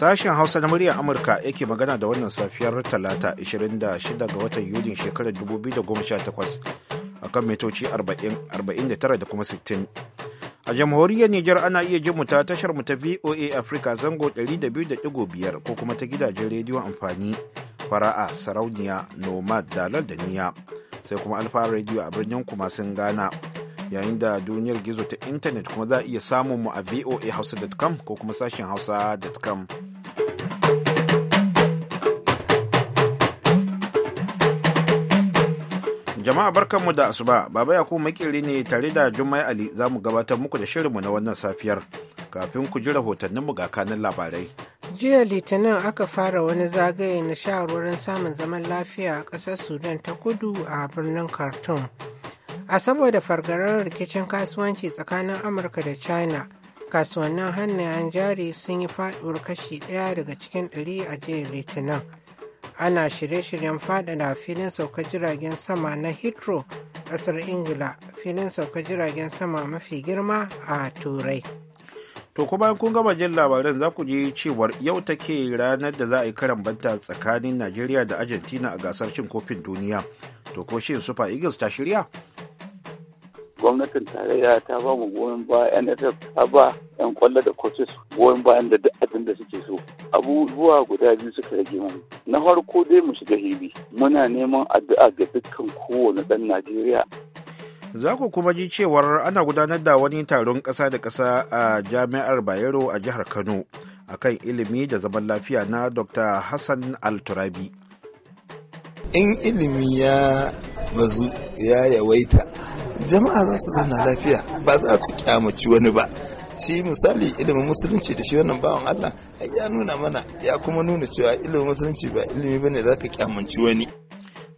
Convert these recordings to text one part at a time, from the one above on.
Sashen Hausa na muryar Amurka yake magana da wannan safiyar Talata 26 ga watan Yulin shekarar 2018 akan mitoci 49 da kuma 60. A jamhuriyar Nijar ana iya jin ta tashar mu ta VOA Africa zango 200.5 ko kuma ta gidajen rediyon amfani fara'a sarauniya nomad dalar da niya sai kuma alfa radio a birnin kuma sun gana yayin da duniyar gizo ta intanet kuma za a iya samun mu a voahausa.com ko kuma sashen hausa.com. Jama'a barkanmu da asuba, Baba Yakubu makili ne tare da Jummai Ali za mu gabatar muku da shirinmu na wannan safiyar. Kafin ku ji rahotanninmu ga kanin labarai. Jiya Litinin aka fara wani zagaye na shawarwarin samun zaman lafiya a ƙasar Sudan ta kudu a birnin Khartoum. a saboda fargarar rikicin kasuwanci tsakanin amurka da china kasuwannin hannayen jari sun yi faɗuwar kashi ɗaya daga cikin ɗari a jiya litinin ana shirye-shiryen faɗaɗa filin saukar jiragen sama na hitro ƙasar ingila filin saukar jiragen sama mafi girma a turai to kuma kun gama jin labaran za ku ji cewar yau take ranar da za a yi karan tsakanin najeriya da argentina a gasar cin kofin duniya to ko shin super eagles ta shirya gwamnatin tarayya ta ba mu goyon baya nff ta ba yan kwallo da coaches goyon bayan da duk abin da suke so abubuwa guda biyu suka rage mu na farko dai mu shiga hili muna neman addu'a ga dukkan kowane dan najeriya za ku kuma ji cewar ana gudanar da wani taron ƙasa da ƙasa a jami'ar bayero a jihar kano akan ilimi da zaman lafiya na dr hassan alturabi in ilimi ya bazu ya yawaita jama'a za su zauna lafiya ba za su kyamaci wani ba shi misali ilimin musulunci da shi wannan bawan Allah ya nuna mana ya kuma nuna cewa ilimin musulunci ba ilimi ne za ka kyamaci wani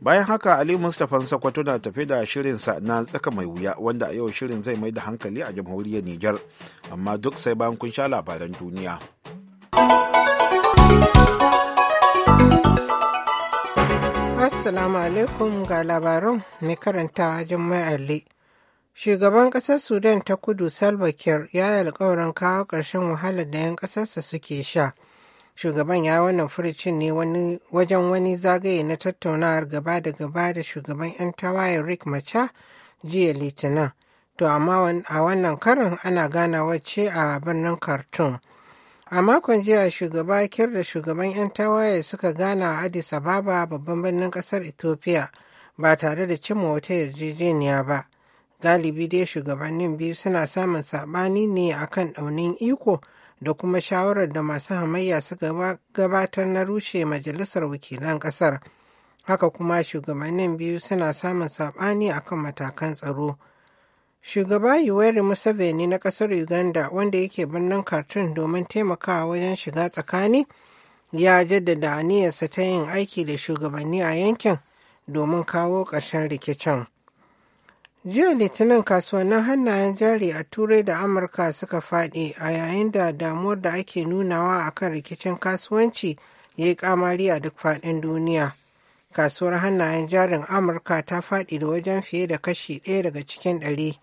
bayan haka ali mustapha sakwato na tafi da shirinsa na tsaka mai wuya wanda a yau shirin zai mai da hankali a jamhuriyar niger amma duk sai bayan kun sha labaran duniya assalamu alaikum ga labaran mai karanta jummai ali Shugaban ƙasar Sudan ta kudu Salva Kiir ya yi alkawarin kawo ƙarshen wahalar da 'yan ƙasarsa suke sha. Shugaban ya wannan furicin ne wajen wani zagaye na tattaunawar gaba da gaba da shugaban 'yan tawaye Rick Macha jiya Litinin. To amma a wannan karin ana ganawa ce a birnin Khartoum. A makon jiya shugaba Kiir da shugaban 'yan tawaye suka gana a Addis Ababa babban birnin ƙasar Ethiopia ba tare da cimma wata yarjejeniya ba. galibi dai shugabannin biyu suna samun saɓani ne akan ɗaunin iko da kuma shawarar da masu hamayya suka gabatar na rushe majalisar wakilan ƙasar haka kuma shugabannin biyu suna samun saɓani akan matakan tsaro shugaba yoweri museveni na ƙasar uganda wanda yake birnin kartun domin taimakawa wajen shiga tsakani ya jaddada aniyarsa ta yin aiki da shugabanni a yankin domin kawo ƙarshen rikicin. jiya litinin kasuwannin hannayen jari a turai da amurka suka faɗi a yayin da damuwar da ake nunawa a kan rikicin kasuwanci ya yi kamari a duk faɗin duniya kasuwar hannayen jarin amurka ta faɗi da wajen fiye da kashi ɗaya daga cikin ɗari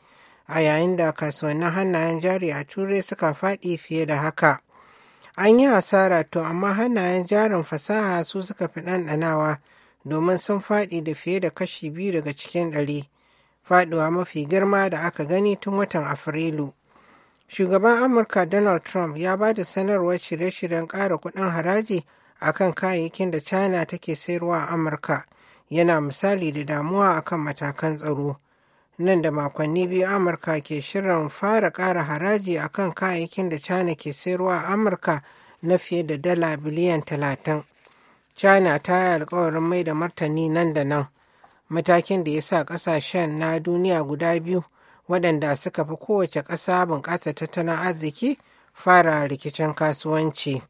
a yayin da kasuwannin hannayen jari a turai suka faɗi fiye da haka an yi asara to amma hannayen jarin fasaha su suka fi ɗanɗanawa domin sun faɗi da fiye da kashi biyu daga cikin ɗari faduwa mafi girma da aka gani tun watan afrilu shugaban amurka donald trump ya ba da sanarwar shirye-shiryen ƙara kuɗin haraji akan kayayyakin da china take sayarwa a amurka yana misali da damuwa akan matakan tsaro nan da makonni biyu amurka ke shirin fara ƙara haraji akan kayayyakin da china ke sayarwa a amurka na fiye da dala biliyan talatin china ta yi alkawarin mai da martani nan da nan matakin da ya sa ƙasashen na duniya guda biyu waɗanda suka fi kowace ƙasa bunƙasa tattalin arziki fara rikicin kasuwanci.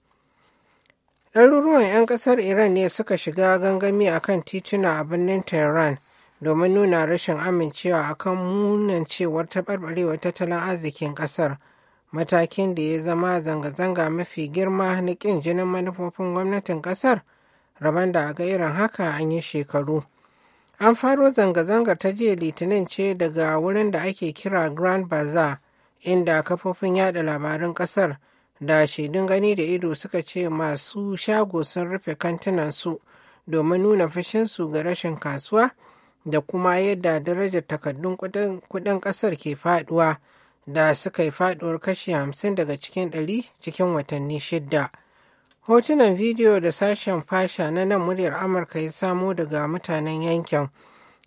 ɗaruruwan 'yan ƙasar iran ne suka shiga gangami a kan tituna a birnin tehran domin nuna rashin amincewa kan munan cewar taɓarɓarewar tattalin arzikin ƙasar matakin da ya zama zanga-zanga mafi girma na ƙin jinin manufofin gwamnatin ƙasar rabon da ga irin haka an yi shekaru An faro zanga-zanga ta jiya Litinin ce daga wurin da ake kira Grand Bazaar, inda kafofin yada labarun kasar da shaidun gani da ido suka ce masu shago sun rufe kantinansu domin nuna fushinsu ga rashin kasuwa da kuma yadda darajar takardun kudin kasar ke faduwa da suka yi faduwar kashi 50 daga cikin 100 cikin watanni shidda. hotunan bidiyo da sashen fasha na nan muryar amurka ya samo daga mutanen yankin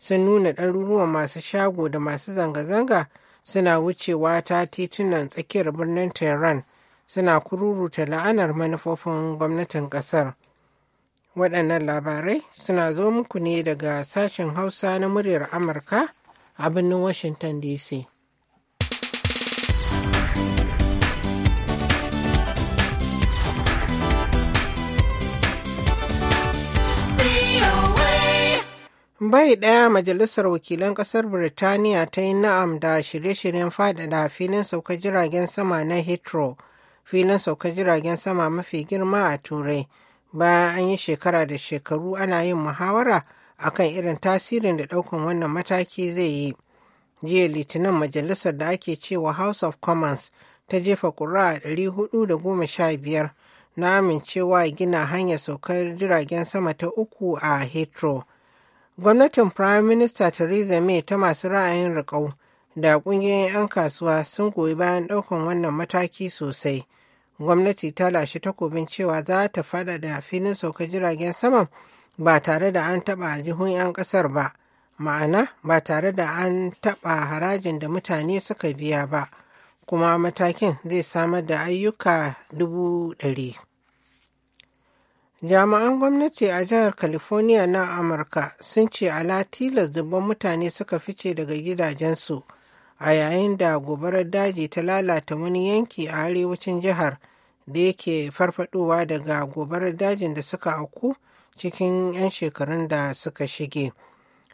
sun nuna ɗaruruwan masu shago da masu zanga-zanga suna wucewa ta titunan tsakiyar birnin tehran suna kururuta la'anar manufofin gwamnatin ƙasar waɗannan labarai suna zo muku ne daga sashen hausa na muryar amurka a birnin washington dc Bai ɗaya Majalisar Wakilan Ƙasar Birtaniya ta yi na'am da shirye-shiryen faɗaɗa filin saukar jiragen sama na Heathrow, filin saukar jiragen sama mafi girma a Turai, bayan an yi shekara da shekaru ana yin muhawara akan irin tasirin da ɗaukan wannan mataki zai yi. Jiya Litinin Majalisar da ake cewa House of Commons ta jefa ƙuri'a biyar, na amincewa gina hanyar saukar jiragen sama ta uku a Heathrow. Gwamnatin Prime Minister Theresa May ta masu ra'ayin riƙau da ƙungiyoyin 'yan kasuwa sun goyi bayan ɗaukan wannan mataki sosai. Gwamnati ta lashe takobin cewa za ta faɗa da filin saukar jiragen saman ba tare da an taɓa aljihun 'yan ƙasar ba, ma'ana ba tare da an taɓa harajin da mutane suka biya ba, kuma matakin zai samar da ayyuka dubu ɗari. jami'an gwamnati a jihar california na amurka sun ce ala tilas dubban mutane suka fice daga gidajensu a yayin da gobarar daji ta lalata wani yanki a arewacin jihar da yake farfadowa daga gobarar dajin da suka auku cikin 'yan shekarun da suka shige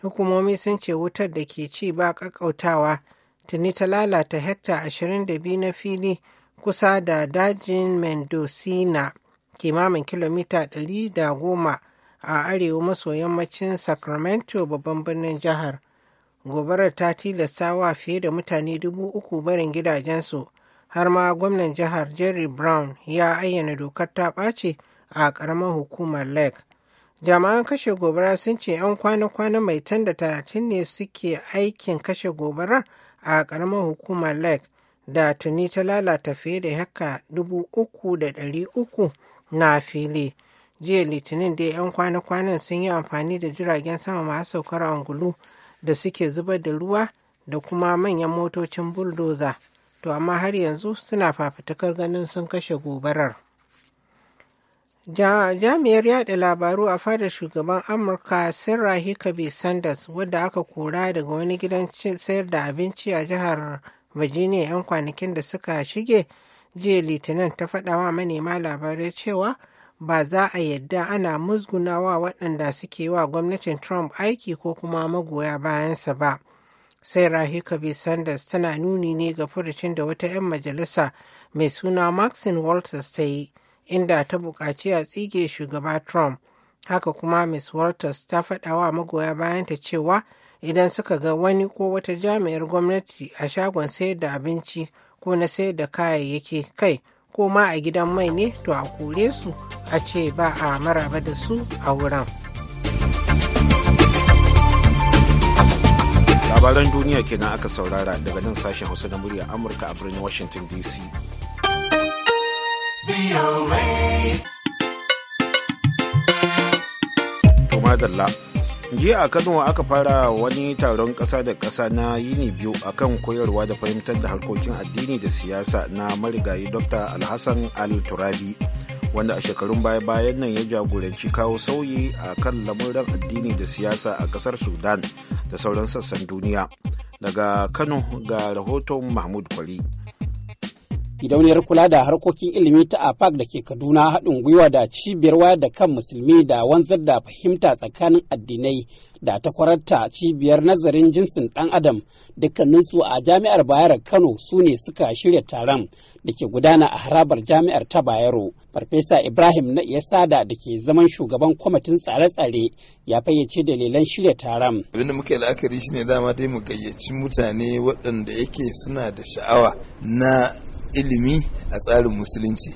hukumomi sun ce wutar da ke ci ba ƙaƙƙautawa tuni ta lalata hekta 22 na fili kusa da dajin mendocina kimamin kilomita 110 a arewa maso yammacin sacramento babban birnin jihar gobarar ta tilasta wa fiye da mutane dubu uku barin gidajensu har ma gwamnan jihar jerry brown ya ayyana dokar ta ɓace a ƙaramar hukumar lake jama'an kashe gobara sun ce 'yan kwana-kwana mai tan da talatin ne suke aikin kashe gobarar a ƙaramar hukumar lake da tuni ta lalata fiye da haka dubu uku da dari uku na fili jiya litinin da 'yan kwana-kwanan sun yi amfani da jiragen sama masu saukar angulu da suke zubar da ruwa da kuma manyan motocin buldoza to amma har yanzu suna fafutukar ganin sun kashe gobarar jami'ar Yaɗa labaru a fadar shugaban amurka sarah huckabee sanders wadda aka kora daga wani gidan sayar da abinci a jihar virginia 'yan kwanakin da suka shige jiya litinin ta faɗawa manema labarai cewa ba za a yadda ana musgunawa waɗanda suke wa gwamnatin trump aiki ko kuma magoya bayansa ba sai rahika sanders tana nuni ne ga furucin da wata 'yan majalisa mai suna maxine walters ta yi inda ta buƙaci a tsige shugaba trump haka kuma miss walters ta faɗawa magoya bayanta cewa idan suka ga wani ko wata jami'ar gwamnati a shagon sayar da abinci ko na sai da kayayyaki kai ko ma a gidan mai ne to a kore su a ce ba a maraba da su a wurin. labaran duniya kenan aka saurara daga nan sashen hausa na murya amurka a birnin washington dc to madalla jiya a kano aka fara wani taron ƙasa da ƙasa na yini biyu akan koyarwa da fahimtar da harkokin addini da siyasa na marigayi dr alhassan al-turabi wanda a shekarun baya-bayan nan ya jagoranci kawo sauyi a kan lamuran addini da siyasa a ƙasar sudan da sauran sassan duniya daga kano ga rahoton mahmud kwari gidauniyar kula da harkokin ilimi ta afak da ke kaduna haɗin gwiwa da cibiyar wayar da kan musulmi da wanzar da fahimta tsakanin addinai da ta kwararta cibiyar nazarin jinsin ɗan adam dukkaninsu a jami'ar bayero kano su ne suka shirya taron da ke gudana a harabar jami'ar ta bayero farfesa ibrahim na iya sada da ke zaman shugaban kwamitin tsare-tsare ya fayyace dalilan shirya taron abinda muke la'akari shine dama dai mu gayyaci mutane waɗanda yake suna da sha'awa na ilimi a tsarin musulunci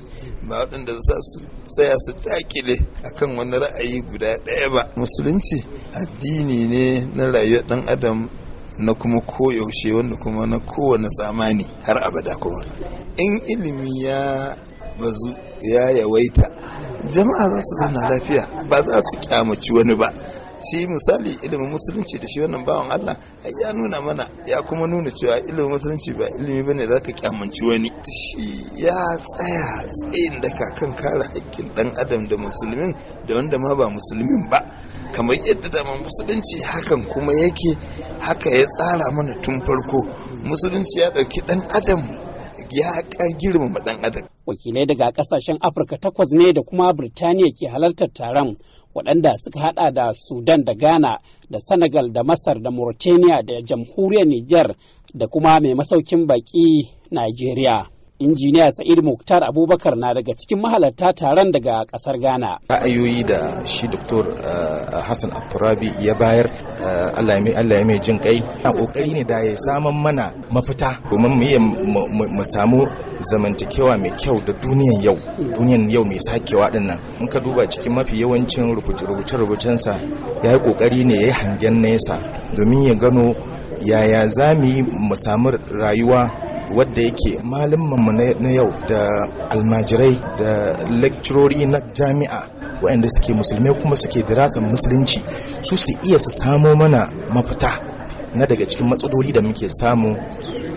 ba waɗanda za su tsaya su takile kan wani ra'ayi guda ɗaya ba musulunci addini ne na rayuwar ɗan adam na kuma koyaushe wanda kuma na kowane zamani har abada kuma in ilimi ya bazu ya yawaita jama'a za su zauna lafiya ba za su kyamaci wani ba shi misali ilimin musulunci da shi wannan bawan Allah ya nuna mana ya kuma nuna cewa ilimin musulunci ba ilimi bane ka kyamanci wani shi ya tsaya tsayin daka kan kare haƙƙin ɗan adam da musulmin da wanda ma ba musulmin ba kamar yadda dama musulunci hakan kuma yake haka ya tsara mana tun farko musulunci ya ɗauki ɗan adam ya kar girmama dan adam. Wakilai daga kasashen Afirka takwas ne da kuma Birtaniya ke halartar taron waɗanda suka hada da Sudan da Ghana da Senegal da Masar da Mauritania da Jamhuriyar Nijar da kuma mai masaukin baki Najeriya. injiniya sa'id muktar abubakar na daga cikin mahalarta taron daga kasar ghana ra'ayoyi da shi doktor eh, hassan abturabi ya bayar eh, allah ya mai jin kai a kokari ne da ya saman mana mafita domin mu mu samu zamantakewa mai kyau da duniyan yau duniyan yau mai sakewa din nan in ka duba cikin mafi yawancin rubuce-rubucensa ya yi kokari ne ya yi hangen nesa domin ya gano yaya za mu yi mu samu rayuwa wadda yake malamanmu na yau da almajirai da lecturori na jami'a waɗanda suke musulmai kuma suke dirasan musulunci su su iya su samo mana mafita na daga cikin matsaloli da muke samu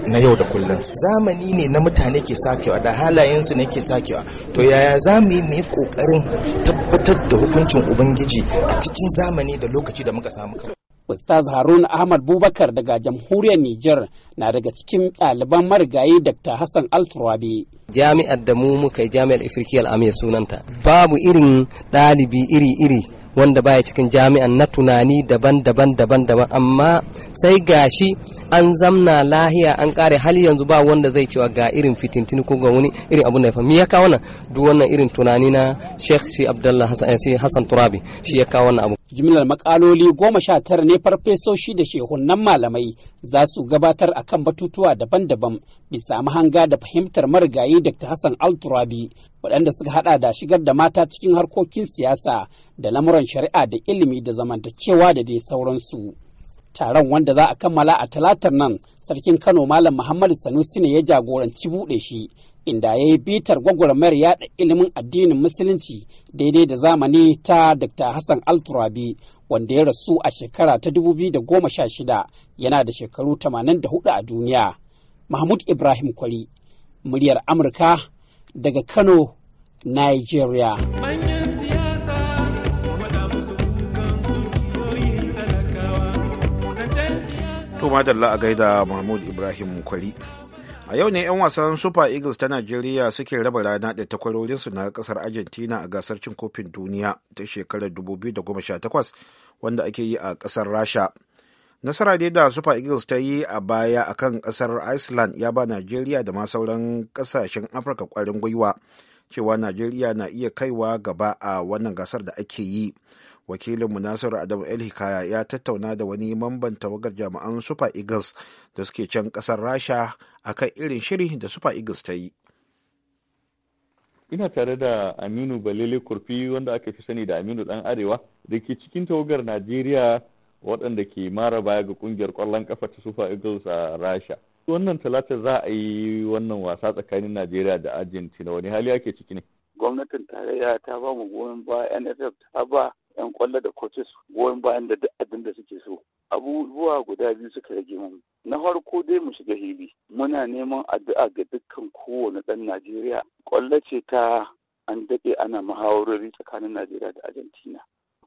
na yau da kullum zamani ne na mutane ke sakewa da halayensu ne ke sakewa to yaya zamani ne kokarin tabbatar da hukuncin ubangiji a cikin zamani da lokaci da muka samu kawai Ustaz Harun Ahmad Bubakar daga jamhuriyar Nijar na daga cikin ɗaliban marigayi Dr. Hassan Alturabi. Jami'ar da mu muka yi jami'ar Ifirki Amiya sunanta. Babu irin ɗalibi iri-iri wanda baya cikin jami'an na tunani daban-daban daban-daban amma sai gashi an zamna lahiya an kare hali yanzu ba wanda zai cewa ga irin fitintini ko ga wani irin abun da ya fa ya kawo wannan duk wannan irin tunani na Sheikh Shi Abdullah Hassan eh, Hassan Turabi shi ya kawo wannan abu jimlar makaloli goma sha tara ne farfesoshi da shehunan malamai za su gabatar a kan batutuwa daban-daban bisa mahanga da fahimtar marigayi dr hassan alturabi waɗanda suka hada da shigar da mata cikin harkokin siyasa da lamuran shari'a da ilimi da zamantakewa da dai sauransu taron wanda za a kammala a talatar nan sarkin kano malam muhammadu sanusi ne ya jagoranci buɗe shi inda ya yi bitar gwagwarmayar yaɗa ilimin addinin musulunci daidai da zamani ta dr hassan alturabi wanda ya rasu a shekara ta da sha shida yana da shekaru tamanin da hudu a duniya mahmud ibrahim kwari muryar amurka daga kano nigeria To madalla a gaida Mahmud Ibrahim Kwari. A yau ne 'yan wasan Super Eagles ta Najeriya suke raba rana da takwarorinsu na kasar Argentina a gasar cin kofin duniya ta shekarar 2018 wanda ake yi a kasar Rasha. Nasara dai da Super Eagles ta yi a baya a kan kasar Iceland ya ba Najeriya da ma sauran kasashen Afirka kwarin gwiwa cewa Najeriya na iya kaiwa gaba a wannan gasar da ake yi. wakilin nasiru adamu el hikaya ya tattauna da wani mamban tawagar jami'an super eagles da suke can kasar rasha akan irin shiri da super eagles ta yi ina tare da aminu balele kurfi wanda aka fi sani da aminu dan arewa da ke cikin tawagar najeriya waɗanda ke mara baya ga kungiyar kwallon kafa ta super eagles a rasha wannan talata za a yi wannan wasa tsakanin najeriya da argentina wani hali ake ciki ne gwamnatin tarayya ta ba mu goyon ba nff ta ba 'yan kwallo da coaches goyon bayan da duk abin da suke so abubuwa guda biyu suka rage mu na farko dai mu shiga hili muna neman addu'a ga dukkan kowane ɗan najeriya kwallo ce ta an daɗe ana muhawarori tsakanin najeriya da argentina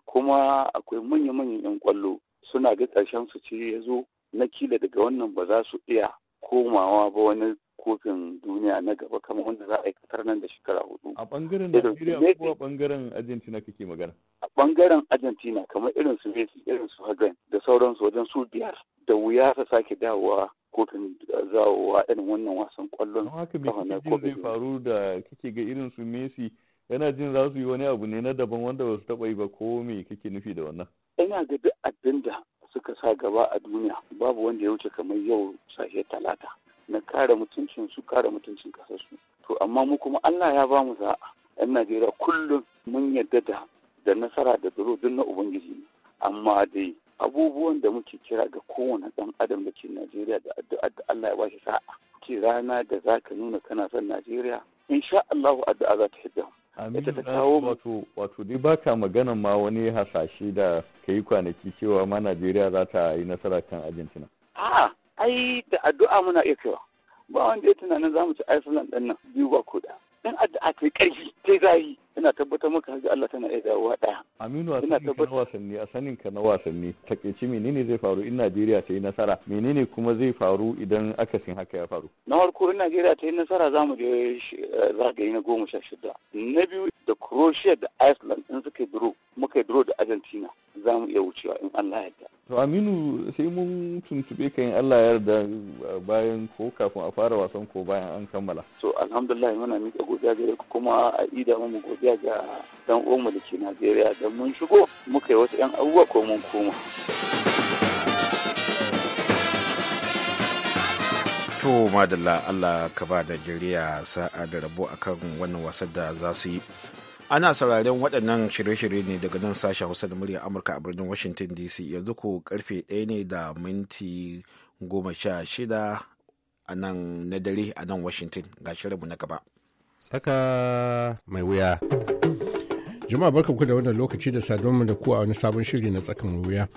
kuma akwai manya-manyan 'yan kwallo suna ga ƙarshen su ce ya zo na kila daga wannan ba za su iya komawa ba wani kofin duniya na gaba kamar wanda za a yi kasar nan da shekara hudu. A bangaren Najeriya ko a bangaren Argentina kake magana? A bangaren Argentina kamar irin su Messi, irin su Hagan da sauransu wajen su biyar da wuya su sake dawowa kofin eh, zawowa irin wannan wasan kwallon. Haka me kake zai faru da kake ga irin su Messi yana jin za su yi wani abu ne na daban wanda ba su taɓa yi ba ko me kake nufi da wannan? Ina ga duk abin da suka sa gaba a duniya babu wanda ya wuce kamar yau sashe talata na kare mutuncin su kare mutuncin kasar su to amma mu kuma Allah ya ba mu sa'a yan Najeriya kullum mun yadda da da nasara da tsaro duk na ubangiji ne amma dai abubuwan da muke kira ga kowane dan adam da ke Najeriya da addu'a da Allah ya ba shi sa'a ce rana da za ka nuna kana son Najeriya insha Allah addu'a za ta hidda kawo wato wato dai baka magana ma wani hasashe da kai kwanaki cewa ma Najeriya za ta yi nasara kan Argentina aa ai da addu'a muna iya kaiwa ba wanda ya tunanin za mu ci iceland ɗin nan biyu ba ko in addu'a ta yi ƙarfi ta yi zahi ina tabbatar maka ga Allah tana iya dawowa ɗaya. Aminu a sanin ka na wasanni a sanin ka na wasanni takaici menene zai faru in Najeriya ta yi nasara menene kuma zai faru idan akasin haka ya faru. Na farko in Najeriya ta yi nasara za mu je eh, zagaye na goma sha shida. Na biyu da Croatia da Iceland in suka duro muka duro da Argentina za mu iya wucewa in Allah ya To Aminu sai mun tuntuɓe ka in Allah ya yarda eh, bayan ko kafin a fara wasan ko bayan an kammala. To alhamdulillah muna miƙa godiya gare ku kuma a ida mu godiya godiya ga dan uwanmu da ke najeriya don mun shigo muka yi wasu 'yan abubuwa ko mun koma to madalla allah ka ba da jiriya sa'a da rabo akan wannan wasan da za su yi ana sauraren waɗannan shirye-shirye ne daga nan sashen hausa da murya amurka a birnin washington dc yanzu ko karfe ɗaya ne da minti goma sha shida a nan na dare a nan washington ga shirinmu na gaba. tsaka mai wuya. Jama'a ku da wannan lokaci da mu da ku a wani sabon shiri na tsakan wuya.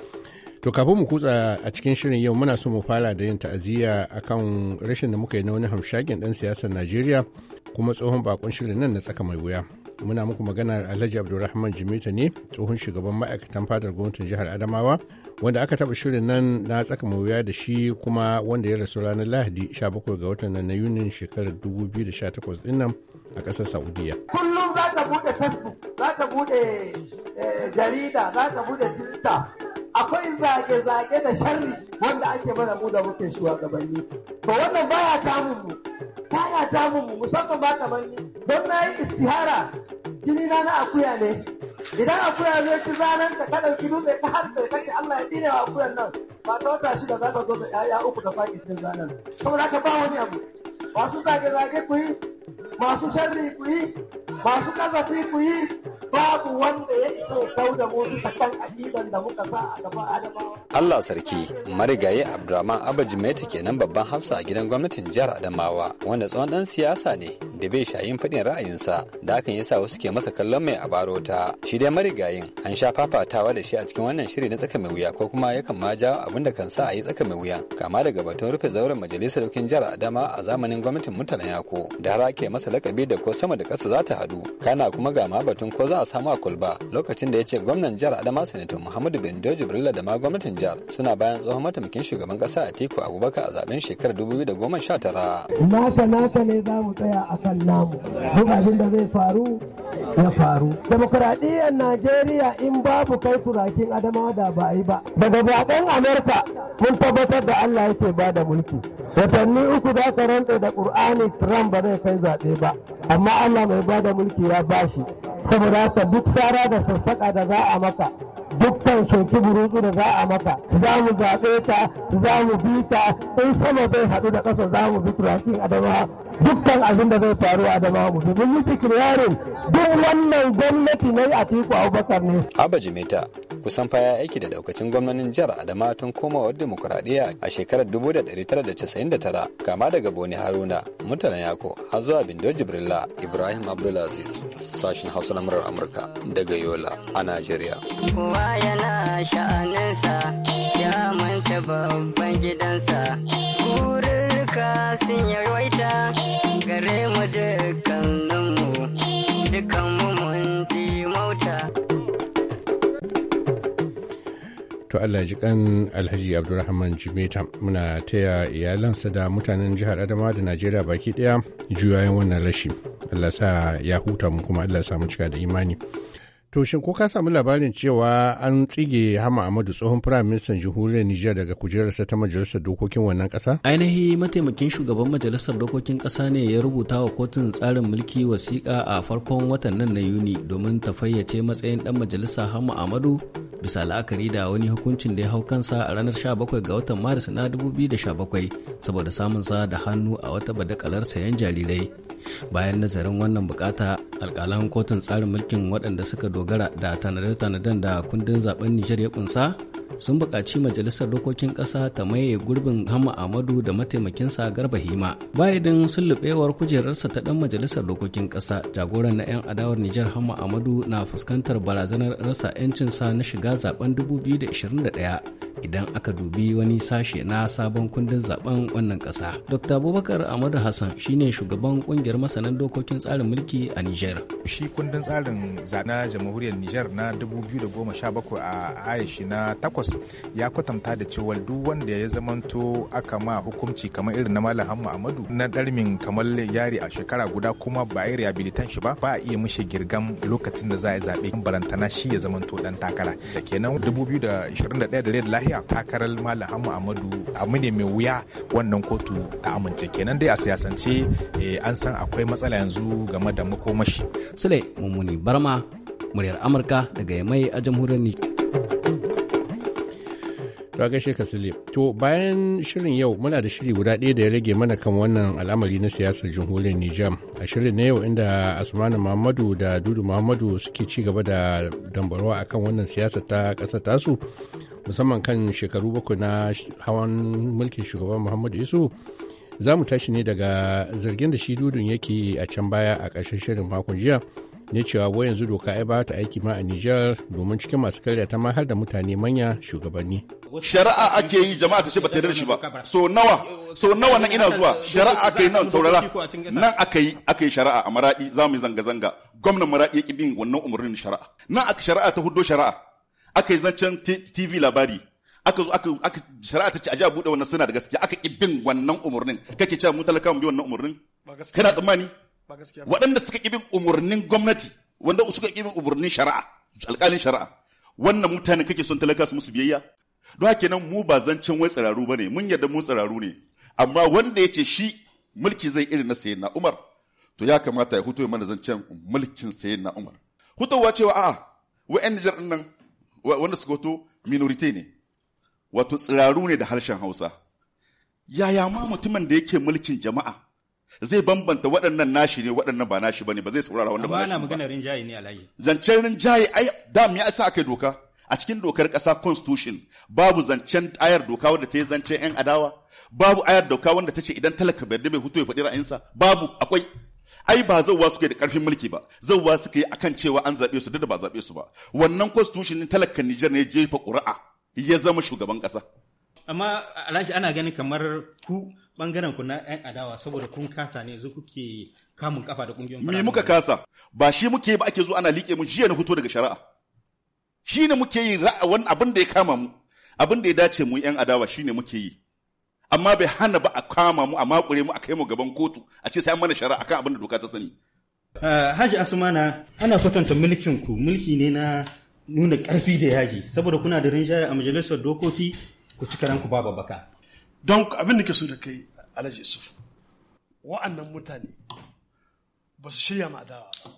To kafin mu kutsa a cikin shirin yau muna so mu fara da yin ta'aziyya akan rashin da muka yi na wani hamshakin dan siyasar Najeriya kuma tsohon bakon shirin nan na tsaka mai wuya. Muna muku maganar Alhaji Abdulrahman Jimita ne tsohon shugaban ma'aikatan fadar gwamnatin jihar Adamawa wanda aka taɓa shirin nan na tsaka mai wuya da shi kuma wanda ya rasu ranar Lahadi 17 ga watan nan na Yunin shekarar 2018 din nan a ƙasar saudiya kullum za ta bude facebook za ta bude eh, jarida za ta bude twitter akwai zage-zage da sharri wanda ake mana mu da muke shugabanni ba wannan baya tamun mu baya tamun mu musamman ba ta banni don na yi istihara jini na na akuya ne idan akuya zai ci zanen ka kaɗan ki dutse ka har sai kace Allah ya dina wa akuyan nan ba ta wata da za ka zo da 'ya'ya uku da cin zanen saboda ka ba wani abu wasu zage-zage ku yi masu sharri ku yi masu kazafi ku yi babu wanda ya da mu kan da muka sa a gaban Adamawa. Allah sarki marigayi Abdurrahman Abaji Maita kenan babban hafsa a gidan gwamnatin jihar Adamawa wanda tsawon dan siyasa ne da bai shayin faɗin ra'ayinsa da hakan yasa wasu ke masa kallon mai abarota shi dai marigayin an sha fafatawa da shi a cikin wannan shiri na tsaka mai wuya ko kuma yakan ma jawo abin da kan sa a yi tsaka mai wuya kama daga batun rufe zauren majalisar dokin jihar Adama a zamanin gwamnatin Murtala Yako da har ake masa lakabi da ko sama da ƙasa za ta hadu kana kuma ga ma batun ko za a samu a kulba lokacin da ya ce gwamnan jihar adama sanato muhammadu bin doji birla da ma gwamnatin jihar suna bayan tsohon mataimakin shugaban kasa a atiku abubakar a zaben shekarar 2019 naka naka ne za mu tsaya a kan namu duk abin da zai faru ya faru demokuraɗiyyar najeriya in babu kai turakin adamawa da ba yi ba daga zaben amurka mun tabbatar da allah yake ba da mulki watanni uku za ka rantse da ƙur'ani trump ba zai kai zaɓe ba amma allah mai bada mulki ya bashi saboda haka duk sara da sassaƙa da za a maka dukkan soki burutsu da za a maka za mu zaɓe ta za mu bi ta in sama zai haɗu da ƙasa za mu bi turakin adama dukkan abin da zai faru a adama mu bi mun yi yarin duk wannan gwamnati na yi a tiku abubakar ne. Haba Jimeta kusan fa ya aiki da daukacin gwamnanin jihar adama tun komawar demokuraɗiyya a shekarar 1999 kama daga boni haruna mutane yako har zuwa bindo Jibrilla, ibrahim abdulaziz sashen hausa na murar amurka daga yola a najeriya kowa yana sha'aninsa ya manta babban gidansa sun mu to allah ji kan alhaji abdulrahman jimeta muna taya iyalansa da mutanen jihar adama da najeriya baki daya juyayen wannan rashi allah sa ya huta mu kuma allah sa mu cika da imani To shin ko ka samu labarin cewa an tsige Hama Ahmadu tsohon minister jamhuriyar Nijar daga kujerarsa ta majalisar dokokin wannan kasa? Ainihi mataimakin shugaban majalisar dokokin kasa ne ya rubuta wa kotun tsarin mulki wasiƙa a farkon watan nan na Yuni domin ta fayyace matsayin ɗan majalisa Hama Ahmadu bisa la'akari da wani hukuncin da ya hau kansa a ranar 17 ga watan Maris na 2017 saboda samunsa da hannu a wata badakalar sayan jarirai. bayan nazarin wannan bukata alkalan kotun tsarin mulkin waɗanda suka dogara da tanade-tanaden da kundin zaben nijar ya kunsa sun buƙaci majalisar dokokin ƙasa ta maye gurbin hama amadu da mataimakinsa garba hima biden sun lubewar kujerarsa ta ɗan majalisar dokokin ƙasa jagoran na 'yan adawar nijar hama amadu na fuskantar barazanar rasa 'yancinsa na shiga zaben 2021 idan aka dubi wani sashe na sabon kundin zaben wannan ƙasa. Dr. Abubakar Amadu Hassan shine shugaban kungiyar masanan dokokin tsarin mulki a nijar Shi kundin tsarin na jamhuriyar Nijar na 2017 a ayashi na takwas ya kwatanta da cewa duk wanda ya zamanto aka ma hukunci kamar irin na Malam hamu Amadu na darmin kamar yari a shekara guda kuma ba yi rehabilitan shi ba ba a iya mishi girgam lokacin da za a yi zaɓe barantana shi ya zamanto dan takara. Da kenan 2021 da Red Lahiya takarar Malam hamu Amadu abu ne mai wuya wannan kotu ta amince kenan dai a siyasance eh, an san akwai matsala yanzu game da makomashi. Sule Mummuni Barma muryar Amurka daga Yamai a jamhuriyar Nijar. To gaishe ka Sule. To bayan shirin yau muna da shiri guda ɗaya da ya rage mana kan wannan al'amari na siyasar jamhuriyar Nijar. A shirin na yau inda Asmanu Muhammadu da Dudu Muhammadu suke ci gaba da dambarwa akan wannan siyasa ta ƙasar tasu musamman kan shekaru bakwai na hawan mulkin shugaban Muhammadu Isu. Za mu tashi ne daga zargin da shi dudun yake a can baya a ƙarshen shirin makon jiya. ne cewa wa yanzu doka ya ba ta aiki ma a Nijar domin cikin masu karya ta ma har da mutane manya shugabanni. Shari'a ake yi jama'a ta ce ba ta yarda shi ba. So nawa so nawa nan ina zuwa shari'a aka yi nan saurara nan aka yi aka yi shari'a a maraɗi za mu yi zanga zanga gwamnan maraɗi ya ki bin wannan umarnin shari'a nan aka shari'a ta huddo shari'a aka yi zancen TV labari aka zo aka shari'a ta ce a ji a buɗe wannan suna da gaskiya aka ki bin wannan umarnin kake cewa mu talakawa mu bi wannan umarnin kana tsammani waɗanda suka ƙi bin umarnin gwamnati wanda suka bin umarnin shari'a alƙalin shari'a wannan mutane kake son talaka su musu biyayya don haka nan mu ba zancen wai tsiraru bane mun yarda mu tsiraru ne amma wanda yace shi mulki zai irin na sayyidina Umar to ya kamata ya huto mana zancen mulkin sayyidina Umar hutowa cewa a'a wa'yan Nijar nan wanda suka hoto minorite ne wato tsiraru ne da harshen Hausa yaya ma mutumin da yake mulkin jama'a zai bambanta waɗannan nashi ne waɗannan ba nashi ba ne ba zai saurara wanda ba nashi ba. Amma ana maganar rinjaye ne alhaji. Zancen rinjaye ai da ya sa aka doka? A cikin dokar ƙasa constitution babu zancen ayar doka wanda ta yi zancen ƴan adawa, babu ayar doka wanda ta ce idan talaka bai bai hutu ya faɗi ra'ayinsa, babu akwai ai ba zauwa suke da ƙarfin mulki ba zauwa suke yi akan cewa an zaɓe su duk da ba zaɓe su ba wannan constitution ɗin talakan Nijar ne jefa ƙuri'a ya zama shugaban ƙasa amma alhaji ana ganin kamar ku bangaren ku na 'yan adawa saboda kun kasa ne yanzu kuke kamun kafa da kungiyoyin Me muka kasa ba shi muke ba ake zo ana liƙe mu jiya na fito daga shari'a. Shi ne muke yi wani abin da ya kama mu abin da ya dace mu 'yan adawa shi ne muke yi. Amma bai hana ba a kama mu a makure mu a kai mu gaban kotu a ce sai an mana shari'a akan abin da doka ta sani. Eh, Haji Asumana ana kwatanta mulkin ku mulki ne na nuna ƙarfi da yaji saboda kuna da rinjaye a majalisar dokoki ku ci karanku ba baka. don abin da ke so da kai alhaji yusuf wa'annan mutane ba su shirya ma adawa ba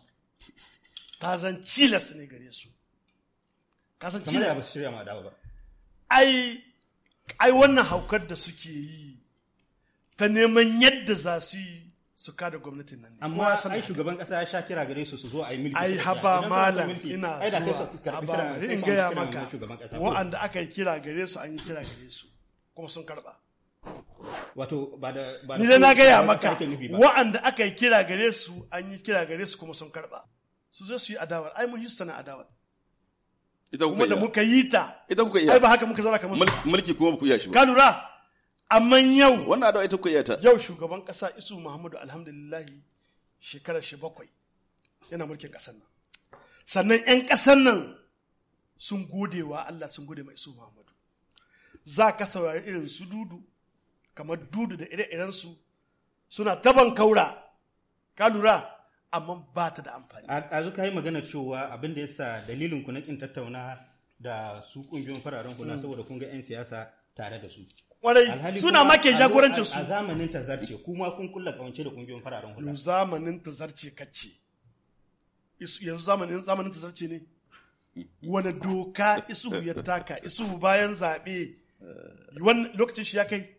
ta zan cilas ne gare su ka san cilas ba su shirya ma adawa ba ai ai wannan haukar da suke yi ta neman yadda za su yi su kada gwamnatin nan amma ai shugaban kasa ya sha kira gare su su zo a yi milki ai haba malam ina zuwa haba in ya maka wa'anda aka yi kira gare su an yi kira gare su kuma sun karba wato ba da ba ni da na gaya maka wa'anda aka yi kira gare su an yi kira gare su kuma sun karba su zo su yi adawar ai mun yi sana adawar idan kuma da muka yi ta Ita kuka iya ai ba haka muka zara kamar mulki kuma ku iya shi ba ka lura amma yau wannan adawa ita kuka iya ta yau shugaban kasa isu muhammadu alhamdulillahi shekarar shi bakwai yana mulkin kasar nan sannan yan kasar nan sun gode wa Allah sun gode mai isu muhammadu za ka saurari irin su dudu kamar dudu da ire-irensu suna taban kaura ka lura amma ba ta da amfani. A ɗazu ka yi magana cewa abin da ya sa dalilin ku na ƙin tattauna da su ƙungiyoyin fararen kuna mm. saboda kun ga 'yan siyasa tare da su. Kwarai suna ma ke jagorancin su. A zamanin ta zarce kuma kun kulla kawance da ƙungiyoyin fararen Yanzu Zamanin ta zarce kacce. Yanzu zamanin zamanin ta zarce ne. Wani doka Isu ya taka Isu bayan zaɓe. Eh. Lokacin shi ya kai.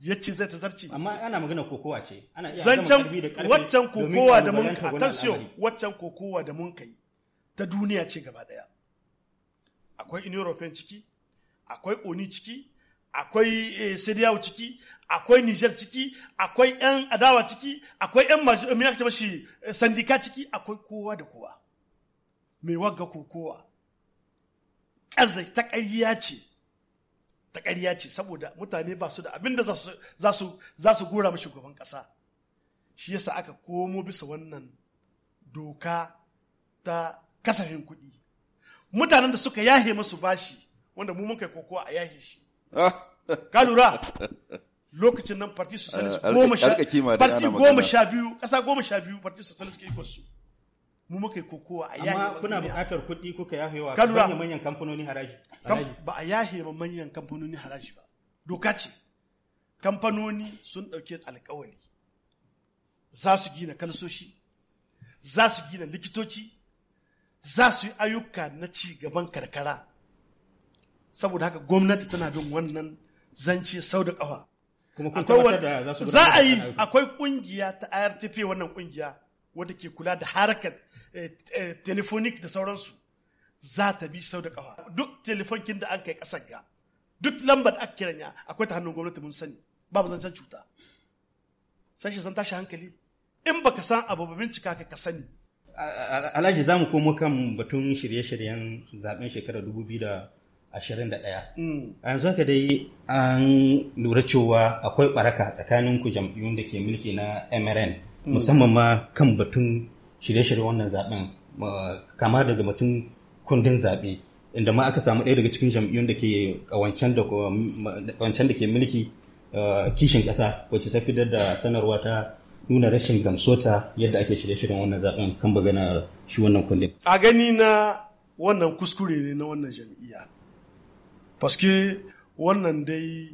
ya ce zai ta zarci amma ana magana kokowa ce ana iya zancen waccan kokowa da mun kai attention waccan kokowa da mun kai ta duniya ce gaba daya akwai in european ciki akwai oni ciki akwai eh, ciki akwai niger ciki akwai ƴan adawa ciki akwai ƴan majamiya eh, bashi eh, sandika ciki akwai kowa da kowa mai wagga kokowa ƙazai ta ƙarya ce ta ƙarya ce saboda mutane ba su da abin da za su gora ma shugaban ƙasa shi yasa aka komo bisa wannan doka ta kasafin kuɗi mutanen da suka yahe masu bashi wanda mu muka koko a yahe shi ka lura lokacin nan parti socialist goma sha biyu ƙasa goma sha biyu parti socialist ke ikonsu mu muke kokowa a yahe amma kuna buƙatar kuɗi kuka yahe wa manyan manyan kamfanoni haraji ba a yahe ba manyan kamfanoni haraji ba doka ce kamfanoni sun ɗauke alƙawari za su gina kalsoshi za su gina likitoci za su yi ayyuka na ci gaban karkara saboda haka gwamnati tana bin wannan zance sau da ƙafa za a yi akwai ƙungiya ta irtp wannan ƙungiya wadda ke kula da harkar eh, eh, telefonik da sauransu za ta bi sau da kafa duk telefonkin da an kai kasar ga duk lambar da aka kiranya akwai ta hannun gwamnati mun sani babu zancen cuta sai shi san tashi hankali in baka san abu ba bincika ka sani alhaji za mu komo kan batun shirye-shiryen zaben shekarar 2021 mm. a yanzu haka dai an lura cewa akwai baraka tsakanin ku jam'iyyun da ke mulki na mrn musamman ma kan batun shirye-shiryen wannan zaben kama daga batun kundin zaɓe inda ma aka samu ɗaya daga cikin jam'iyyun da ke kawancen da ke mulki kishin ƙasa wacce ta fitar da sanarwa ta nuna rashin gamsota yadda ake shirye-shiryen wannan zaben kan ba gana shi wannan kundin. A gani na wannan kuskure ne na wannan jam'iyya. Paske wannan dai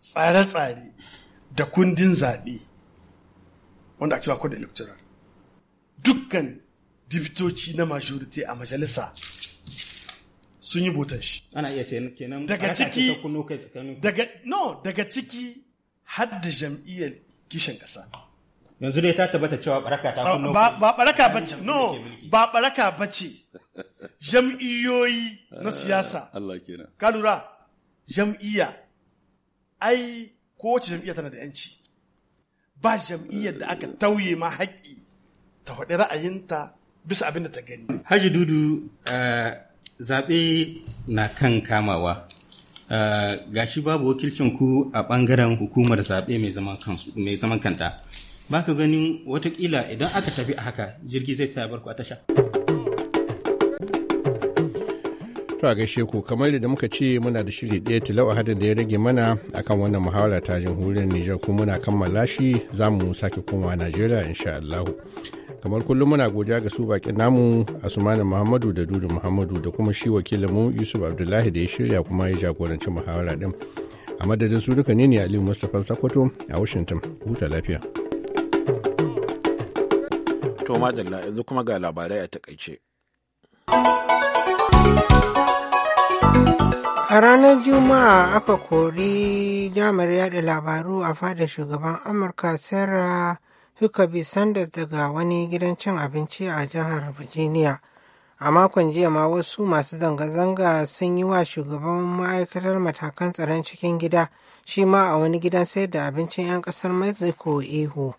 tsare-tsare da kundin zaɓe wanda a cewa akwai electoral dukkan dibitoci na majority a majalisa sun yi votan shi ana iya ce kenan daga ciki daga no daga ciki har da jam'iyyar kishin kasa yanzu dai ta tabbata cewa baraka ta kunno ba baraka bace no ba baraka bace jam'iyyoyi na siyasa ah, Allah kenan ka lura jam'iyya ai kowace jam'iyya tana da yanci ba jam'iyyar da aka tauye ma haƙƙi ta faɗi ra'ayinta bisa abin da ta gani. Haji Dudu eh, zaɓe na kan kamawa. Eh, gashi babu wakilcin ku a ɓangaren hukumar zaɓe mai zaman kanta. Ba ka ganin watakila idan aka tafi a haka jirgi zai bar barku a tasha. To a gaishe ku kamar da muka ce muna da shiri ɗaya tilau hadin da ya rage mana akan wannan muhawara ta jamhuriyar Nijar kuma muna kammala shi za mu sake komawa Najeriya insha Allahu. Kamar kullum muna godiya ga su bakin namu Asmanu Muhammadu da Dudu Muhammadu da kuma shi wakilin mu Yusuf Abdullahi da ya shirya kuma ya jagoranci muhawara din. A madadin su duka ne ne Aliyu Mustapha Sakwato a Washington. Huta lafiya. To madalla yanzu kuma ga labarai a takaice. A ranar Juma'a aka kori jamar yada labaru a fadar shugaban Amurka Sarah Huckabee Sanders daga wani gidan cin abinci a jihar Virginia. A makon jiya ma wasu masu zanga-zanga sun yi wa shugaban ma'aikatar matakan tsaron cikin gida shi ma a wani gidan sayar da abincin 'yan kasar Mexico ihu.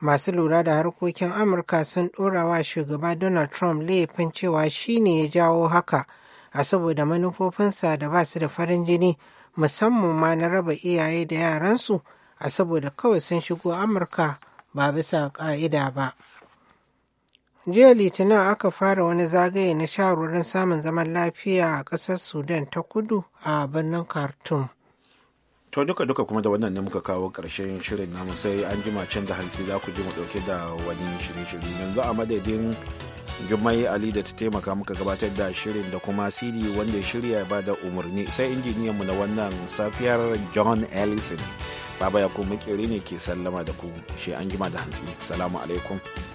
Masu lura da harkokin Amurka sun ɗora wa shugaba Donald Trump laifin cewa shi ne ya jawo haka. a saboda manufofinsa da ba su da farin jini musamman ma na raba iyaye da yaransu a saboda kawai sun shigo amurka ba bisa ka'ida ba jiya litinin aka fara wani zagaye na shawarwarin samun zaman lafiya a ƙasar sudan ta kudu a birnin khartoum to duka duka kuma da wannan ne muka kawo ƙarshen shirin namu sai an jima can da hantsi za ku ji mu ɗauke da wani shirye-shirye yanzu a madadin jummai ali da ta taimaka muka gabatar da shirin da kuma sidi wanda ya shirya ba da umarni sai mu na wannan safiyar john ellison baba ya kuma ne ke sallama da ku shi an jima da hantsi salamu alaikum